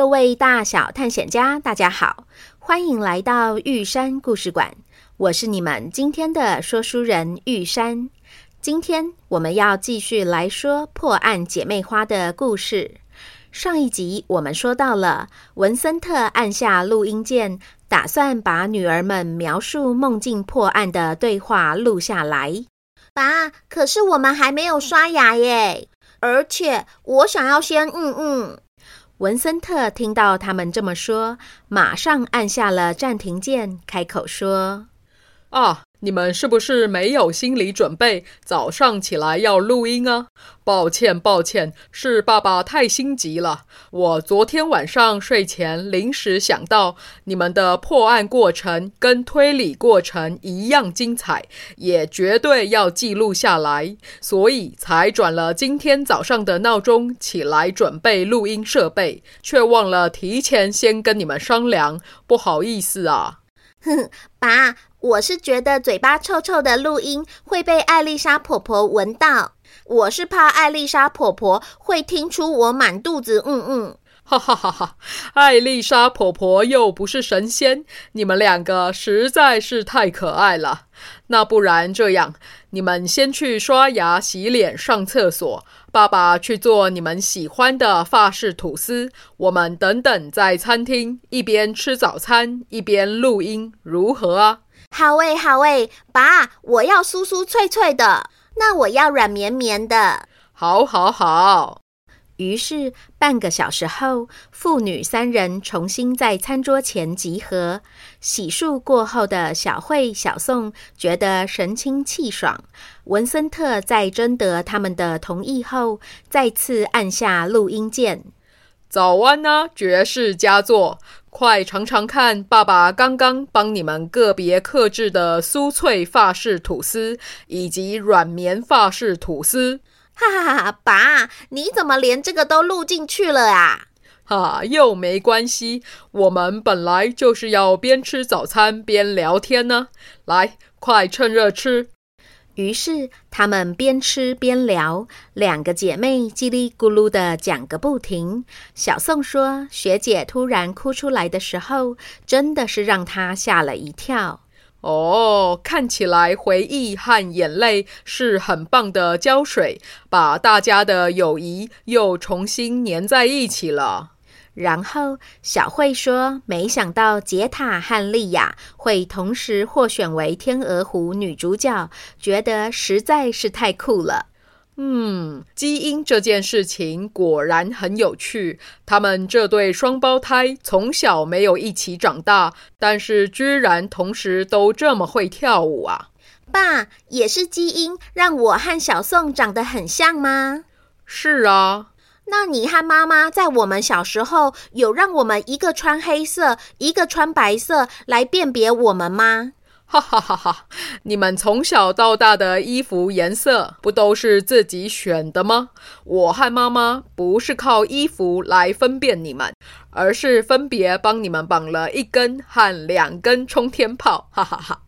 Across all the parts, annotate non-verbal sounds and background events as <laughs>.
各位大小探險家，大家好，歡迎來到玉山故事館。我是你們今天的說書人玉山。今天我們要繼續來說破案姐妹花的故事。上一集我們說到了文森特按下錄音鍵，打算把女兒們描述夢境破案的對話錄下來。爸，可是我們還沒有刷牙耶，而且我想要先……嗯嗯。文森特聽到他們這麼說，馬上按下了暫停鍵，開口說：“哦。”你們是不是沒有心理準備？早上起來要錄音啊？抱歉，抱歉，是爸爸太心急了。我昨天晚上睡前臨時想到，你們的破案過程跟推理過程一樣精彩，也絕對要記錄下來，所以才轉了今天早上的鬧鐘起來準備錄音設備，卻忘了提前先跟你們商量，不好意思啊。哼，哼， <laughs> 爸，我是覺得嘴巴臭臭的錄音會被艾麗莎婆婆聞到，我是怕艾麗莎婆婆會聽出我滿肚子嗯嗯。哈哈哈！哈 <laughs> 艾麗莎婆婆又不是神仙，你們兩個實在是太可愛了。那不然這樣，你們先去刷牙、洗臉、上廁所，爸爸去做你們喜歡的法式吐司。我們等等在餐廳一邊吃早餐一邊錄音，如何啊？好耶，好耶，爸，我要酥酥脆脆的，那我要軟綿綿的。好，好，好，好，好。於是半個小時後，父女三人重新在餐桌前集合。洗漱過後的小慧、小宋覺得神清氣爽。文森特在徵得他們的同意後，再次按下錄音鍵：“早安啊，爵士佳作！快嘗嘗看，爸爸剛剛幫你們個別客製的酥脆法式吐司以及軟綿法式吐司。吐司”哈哈哈！ <laughs> 爸，你怎麼連這個都錄進去了啊？哈、啊，又沒關係，我們本來就是要邊吃早餐邊聊天呢，啊。來，快趁熱吃。於是她們邊吃邊聊，兩個姐妹嘰裡咕嚕地講個不停。小宋說，學姐突然哭出來的時候，真的是讓她嚇了一跳。哦，oh, 看起來回憶和眼淚是很棒的膠水，把大家的友誼又重新粘在一起了。然後小慧說：“沒想到杰塔和莉亞會同時獲選為《天鵝湖》女主角，覺得實在是太酷了。”嗯，基因這件事情果然很有趣。他們這對雙胞胎從小沒有一起長大，但是居然同時都這麼會跳舞啊。爸，也是基因，讓我和小宋長得很像嗎？是啊。那你和媽媽在我們小時候有讓我們一個穿黑色，一個穿白色來辨別我們嗎？哈哈哈哈， <laughs> 你們從小到大的衣服顏色不都是自己選的嗎？我和媽媽不是靠衣服來分辨你們，而是分別幫你們綁了一根和兩根沖天炮！哈哈哈。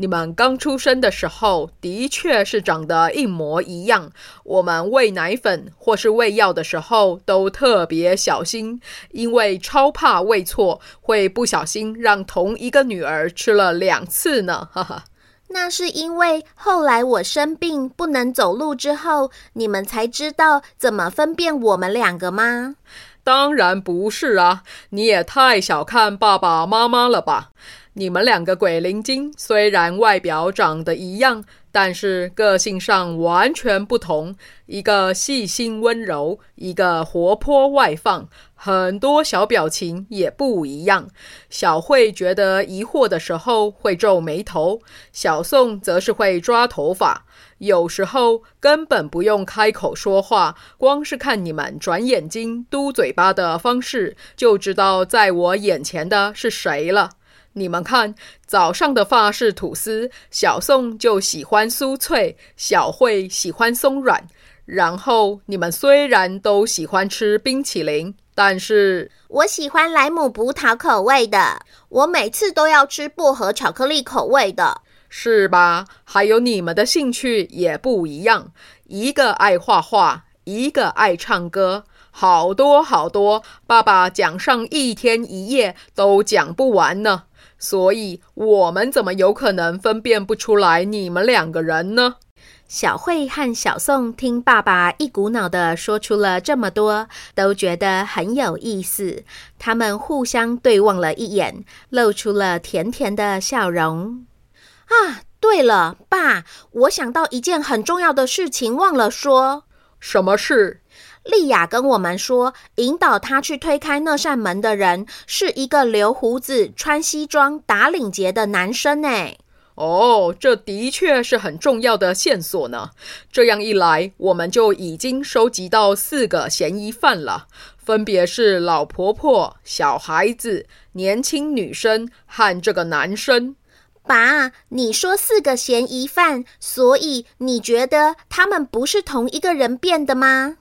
你們剛出生的時候的確是長得一模一樣，我們餵奶粉或是餵藥的時候都特別小心，因為超怕餵錯，會不小心讓同一個女兒吃了兩次呢。哈哈，那是因為後來我生病不能走路之後，你們才知道怎麼分辨我們兩個嗎？當然不是啊，你也太小看爸爸媽媽了吧。你們兩個鬼靈精，雖然外表長得一樣，但是個性上完全不同。一個細心溫柔，一個活潑外放，很多小表情也不一樣。小慧覺得疑惑的時候會皺眉頭，小宋則是會抓頭髮。有時候根本不用開口說話，光是看你們轉眼睛、嘟嘴巴的方式，就知道在我眼前的是誰了。你們看，早上的法式吐司，小宋就喜歡酥脆，小慧喜歡鬆軟。然後，你們雖然都喜歡吃冰淇淋，但是我喜歡萊姆葡萄口味的，我每次都要吃薄荷巧克力口味的，是吧？還有你們的興趣也不一樣，一個愛畫畫，一個愛唱歌，好多好多，爸爸講上一天一夜都講不完呢。所以，我們怎麼有可能分辨不出來你們兩個人呢？小慧和小宋聽爸爸一股腦地說出了這麼多，都覺得很有意思。他們互相對望了一眼，露出了甜甜的笑容。啊，對了，爸，我想到一件很重要的事情，忘了說。什麼事？麗雅跟我們說，引導她去推開那扇門的人是一個留鬍子、穿西裝、打領結的男生呢。哦，這的確是很重要的線索呢。這樣一來，我們就已經收集到四個嫌疑犯了，分別是老婆婆、小孩子、年輕女生和這個男生。爸，你說四個嫌疑犯，所以你覺得他們不是同一個人變的嗎？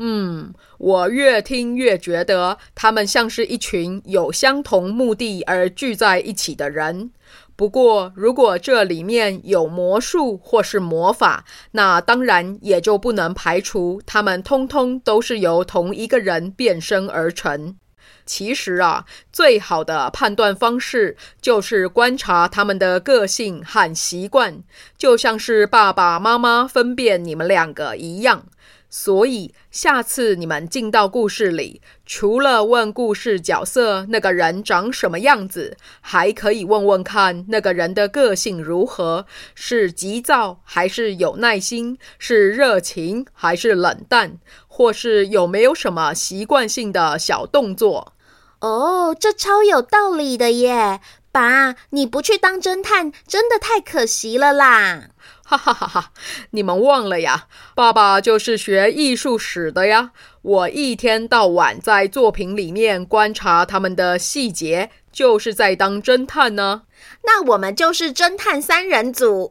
嗯，我越聽越覺得他們像是一群有相同目的而聚在一起的人。不過，如果這裡面有魔術或是魔法，那當然也就不能排除他們通通都是由同一個人變身而成。其實啊，最好的判斷方式就是觀察他們的個性和習慣，就像是爸爸媽媽分辨你們兩個一樣。所以，下次你們進到故事裡，除了問故事角色那個人長什麼樣子，還可以問問看那個人的個性如何，是急躁還是有耐心，是熱情還是冷淡，或是有沒有什麼習慣性的小動作？哦，這超有道理的耶！爸，你不去當偵探，真的太可惜了啦！哈哈哈！哈 <laughs> 你們忘了呀，爸爸就是學藝術史的呀。我一天到晚在作品裡面觀察他們的細節，就是在當偵探呢、啊。那我們就是偵探三人組，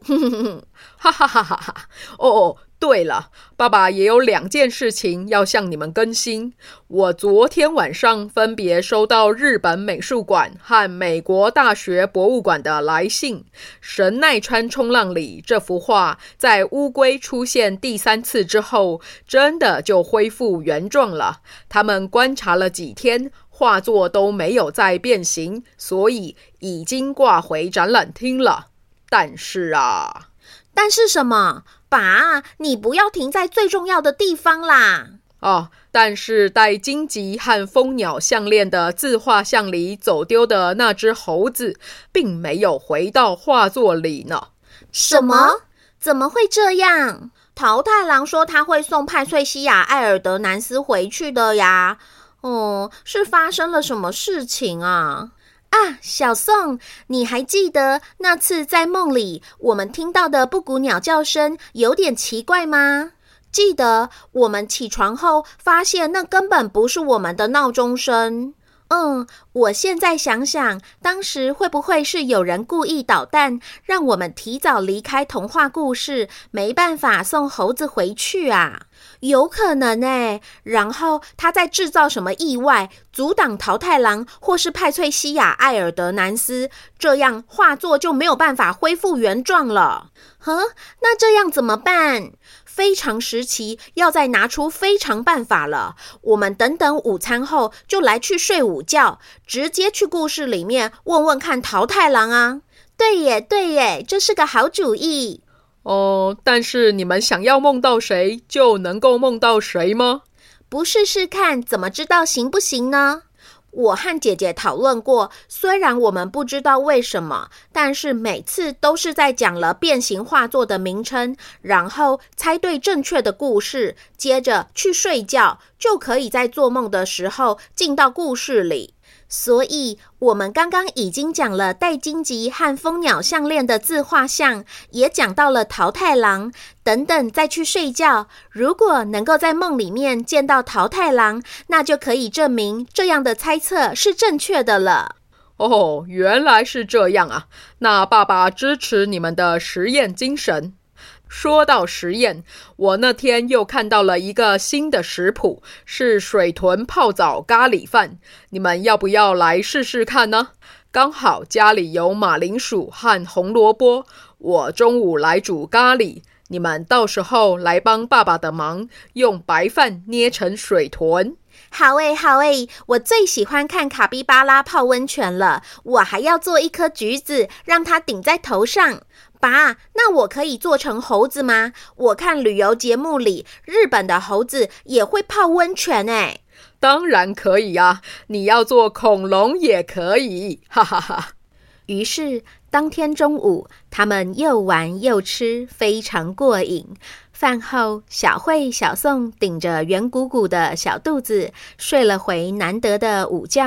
哈哈哈哈！哈。哦哦。對了，爸爸也有兩件事情要向你們更新。我昨天晚上分別收到日本美術館和美國大學博物館的來信。神奈川沖浪裏這幅畫在烏龜出現第三次之後，真的就恢復原狀了。他們觀察了幾天，畫作都沒有再變形，所以已經掛回展覽廳了。但是啊，但是什麼？爸，你不要停在最重要的地方啦！哦，但是戴荊棘和蜂鳥項鏈的自畫像裡走丟的那只猴子，並沒有回到畫作裡呢。什麼？怎麼會這樣？桃太郎說他會送派翠西雅艾爾德南斯回去的呀。哦、嗯，是發生了什麼事情啊？啊，小宋，你還記得那次在夢裡我們聽到的布谷鳥叫聲有點奇怪嗎？記得，我們起床後發現那根本不是我們的鬧鐘聲。嗯，我現在想想，當時會不會是有人故意搗蛋，讓我們提早離開童話故事，沒辦法送猴子回去啊？有可能呢。然後他在製造什麼意外，阻擋桃太郎，或是派翠西亞艾爾德南斯，這樣畫作就沒有辦法恢復原狀了。哼，那這樣怎麼辦？非常時期，要再拿出非常辦法了。我們等等午餐後就來去睡午覺，直接去故事裡面問問看桃太郎啊。對耶，對耶，這是個好主意。哦，但是你們想要夢到誰就能夠夢到誰嗎？不試試看，怎麼知道行不行呢？我和姐姐討論過，雖然我們不知道為什麼，但是每次都是在講了變形畫作的名稱，然後猜對正確的故事，接着去睡覺，就可以在做夢的時候進到故事裡。所以，我們剛剛已經講了戴荊棘和蜂鳥項鏈的自畫像，也講到了桃太郎，等等再去睡覺。如果能夠在夢裡面見到桃太郎，那就可以證明這樣的猜測是正確的了。哦，原來是這樣啊！那爸爸支持你們的實驗精神。說到實驗，我那天又看到了一個新的食譜，是水豚泡澡咖喱飯。你們要不要來試試看呢？剛好家裡有馬鈴薯和紅蘿蔔，我中午來煮咖喱，你們到時候來幫爸爸的忙，用白飯捏成水豚。好誒、哎，好誒、哎，我最喜歡看卡比巴拉泡溫泉了。我還要做一顆橘子，讓它頂在頭上。爸，那我可以做成猴子嗎？我看旅遊節目裡，日本的猴子也會泡溫泉哎。當然可以呀，你要做恐龍也可以，哈哈哈。於是，當天中午，他們又玩又吃，非常過癮。飯後，小慧、小宋頂着圓鼓鼓的小肚子，睡了回難得的午覺。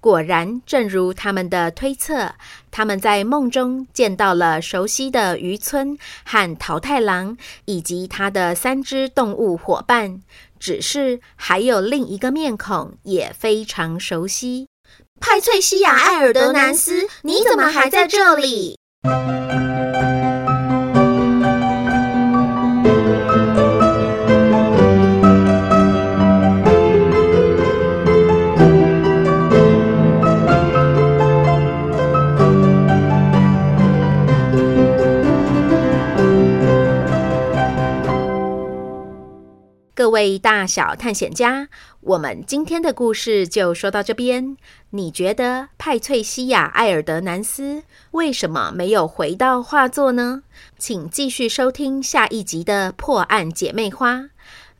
果然，正如他們的推測，他們在夢中見到了熟悉的漁村和桃太郎，以及他的三隻動物夥伴。只是還有另一個面孔也非常熟悉——派翠西亞·艾爾德南斯，你怎麼還在這裡？大小探險家，我們今天的故事就說到這邊。你覺得派翠西亞·艾爾德南斯為什麼沒有回到畫作呢？請繼續收聽下一集的《破案姐妹花》。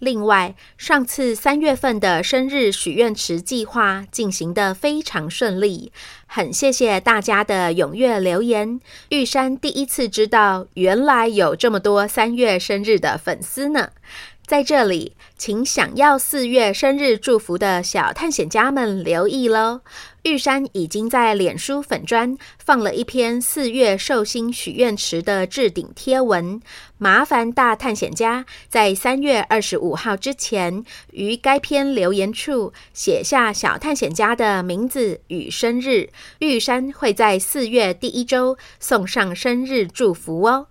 另外，上次三月份的生日許願池計劃進行得非常順利，很謝謝大家的踴躍留言。玉山第一次知道，原來有這麼多三月生日的粉絲呢。在這裡，請想要四月生日祝福的小探險家們留意嘍！玉山已經在臉書粉專放了一篇四月壽星許願池的置頂貼文，麻煩大探險家在三月二十五號之前於該篇留言處寫下小探險家的名字與生日，玉山會在四月第一周送上生日祝福哦。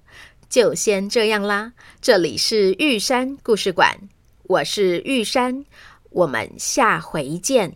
就先這樣啦，這裡是玉山故事館，我是玉山，我們下回見。